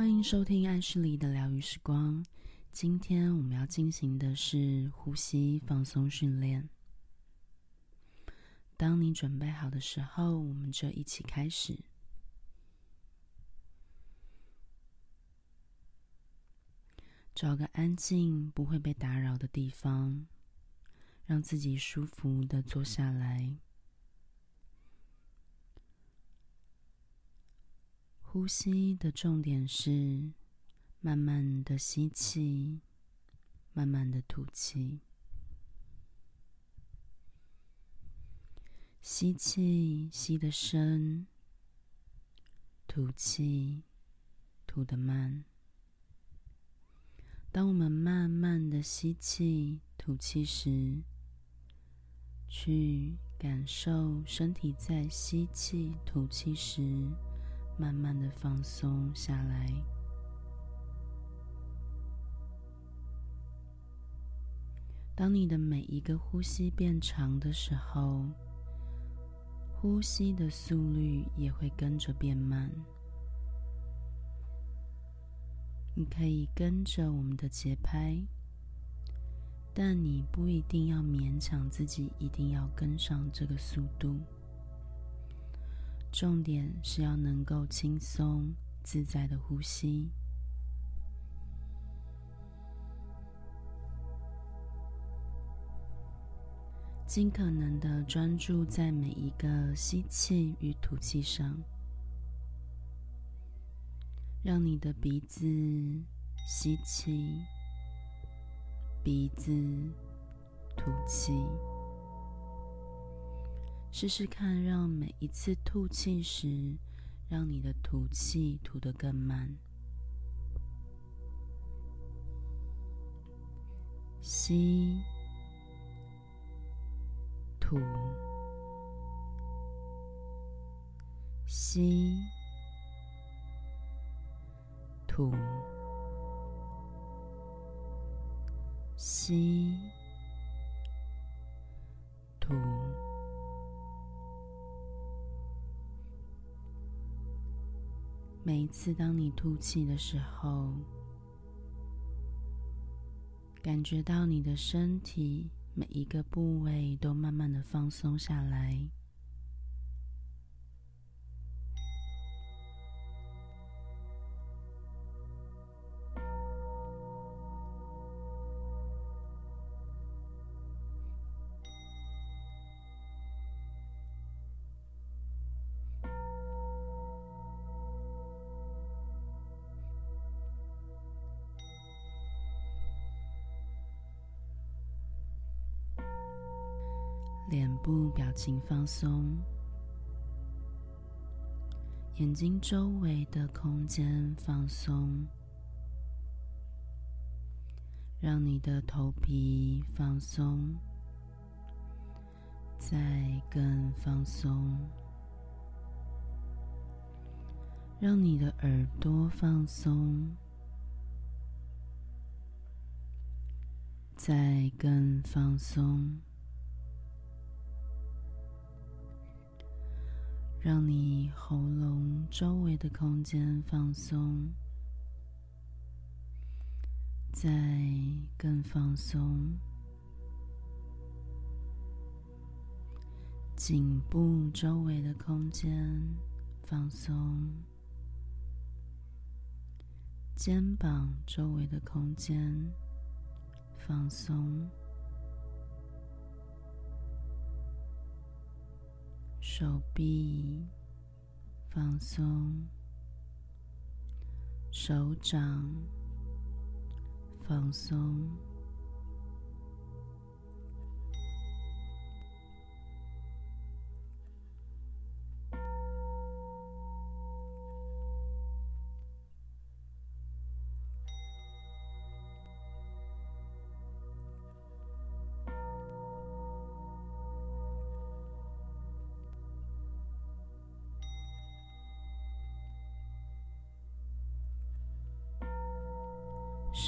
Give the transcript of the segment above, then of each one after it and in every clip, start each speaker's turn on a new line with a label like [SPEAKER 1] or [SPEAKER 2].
[SPEAKER 1] 歡迎收聽愛旭黎的療癒時光。今天我們要進行的是呼吸放鬆訓練。當你準備好的時候，我們就一起開始。找個安靜不會被打擾的地方，讓自己舒服的坐下來。呼吸的重點是慢慢的吸氣，慢慢的吐氣。吸氣吸得深，吐氣吐得慢。當我們慢慢的吸氣、吐氣時，去感受身體在吸氣、吐氣時。慢慢的放鬆下來。當你的每一個呼吸變長的時候，呼吸的速率也會跟着變慢。你可以跟着我們的節拍，但你不一定要勉強自己，一定要跟上這個速度。重點是要能夠輕鬆、自在的呼吸，盡可能的專注在每一個吸氣與吐氣上，讓你的鼻子吸氣，鼻子吐氣。試試看，讓每一次吐氣時，讓你的吐氣吐得更慢。吸，吐，吸，吐，吸，吐。每一次當你吐氣的時候，感覺到你的身體每一個部位都慢慢的放鬆下來。臉部表情放鬆，眼睛周圍的空間放鬆，讓你的頭皮放鬆，再更放鬆，讓你的耳朵放鬆，再更放鬆。讓你喉嚨周圍的空間放鬆，再更放鬆。頸部周圍的空間放鬆，肩膀周圍的空間放鬆。手臂放鬆，手掌放鬆。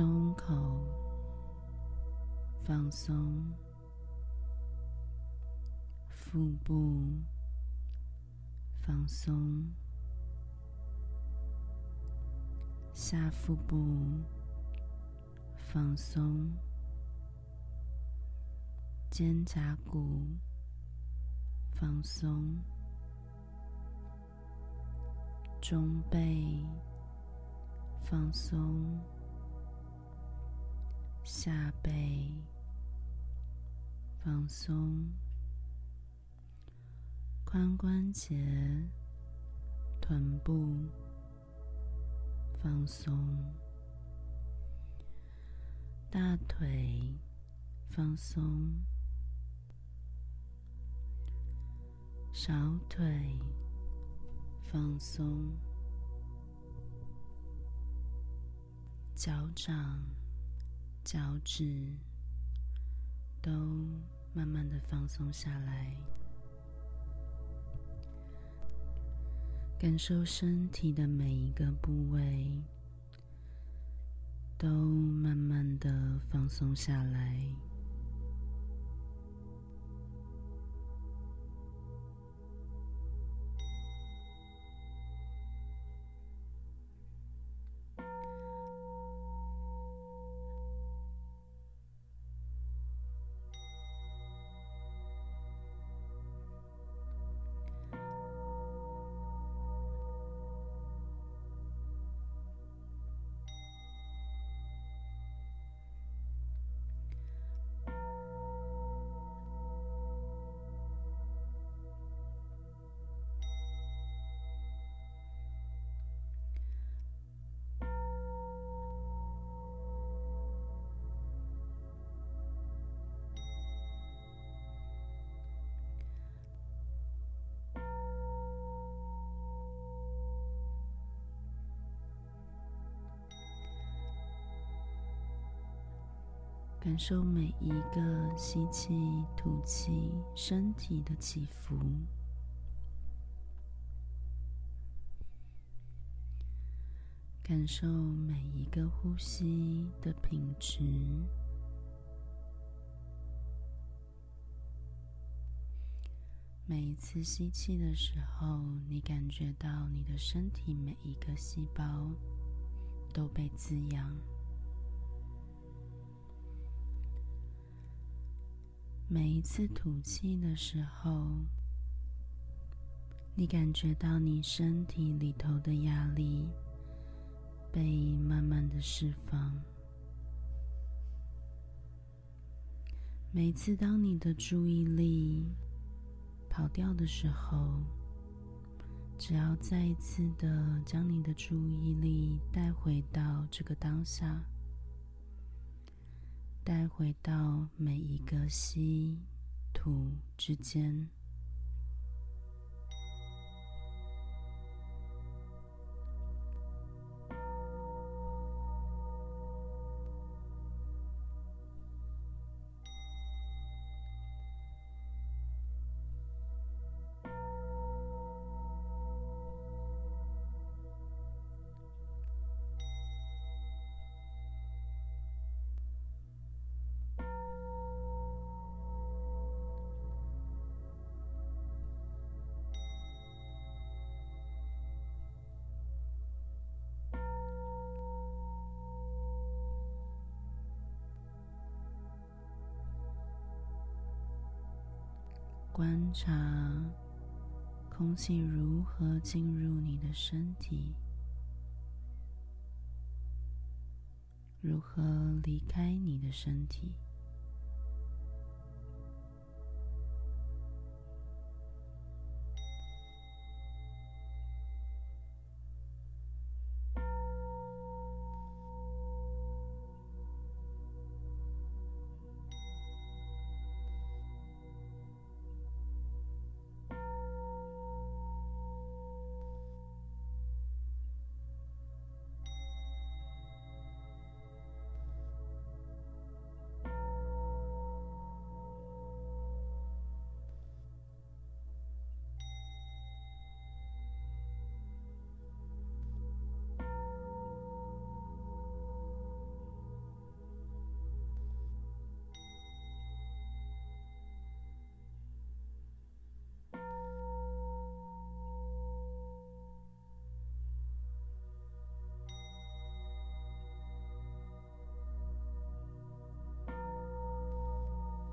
[SPEAKER 1] 胸口放鬆，腹部放鬆，下腹部放鬆，肩胛骨放鬆，中背放鬆。下背放鬆，髖關節、臀部放鬆，大腿放鬆，小腿放鬆，腳掌。腳趾都慢慢的放鬆下來，感受身體的每一個部位都慢慢的放鬆下來。感受每一個吸氣、吐氣，身體的起伏；感受每一個呼吸的品質。每一次吸氣的時候，你感覺到你的身體每一個細胞都被滋養。每一次吐氣的時候，你感覺到你身體裡頭的壓力被慢慢的釋放。每一次當你的注意力跑掉的時候，只要再一次的將你的注意力帶回到這個當下。帶回到每一個吸吐之間。觀察空氣如何進入你的身體，如何離開你的身體。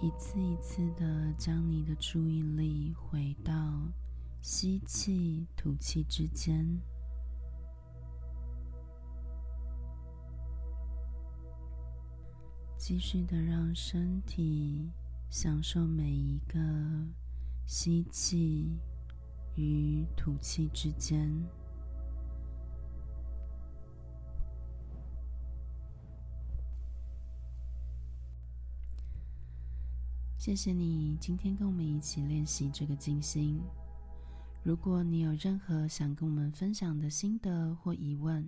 [SPEAKER 1] 一次一次的將你的注意力回到吸氣、吐氣之間，繼續的讓身體享受每一個吸氣與吐氣之間。謝謝你今天跟我們一起練習這個靜心。如果你有任何想跟我們分享的心得或疑問，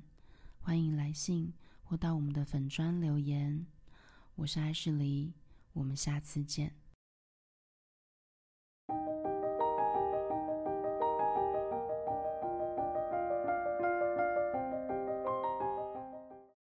[SPEAKER 1] 歡迎來信或到我們的粉專留言。我是愛旭黎，我們下次見。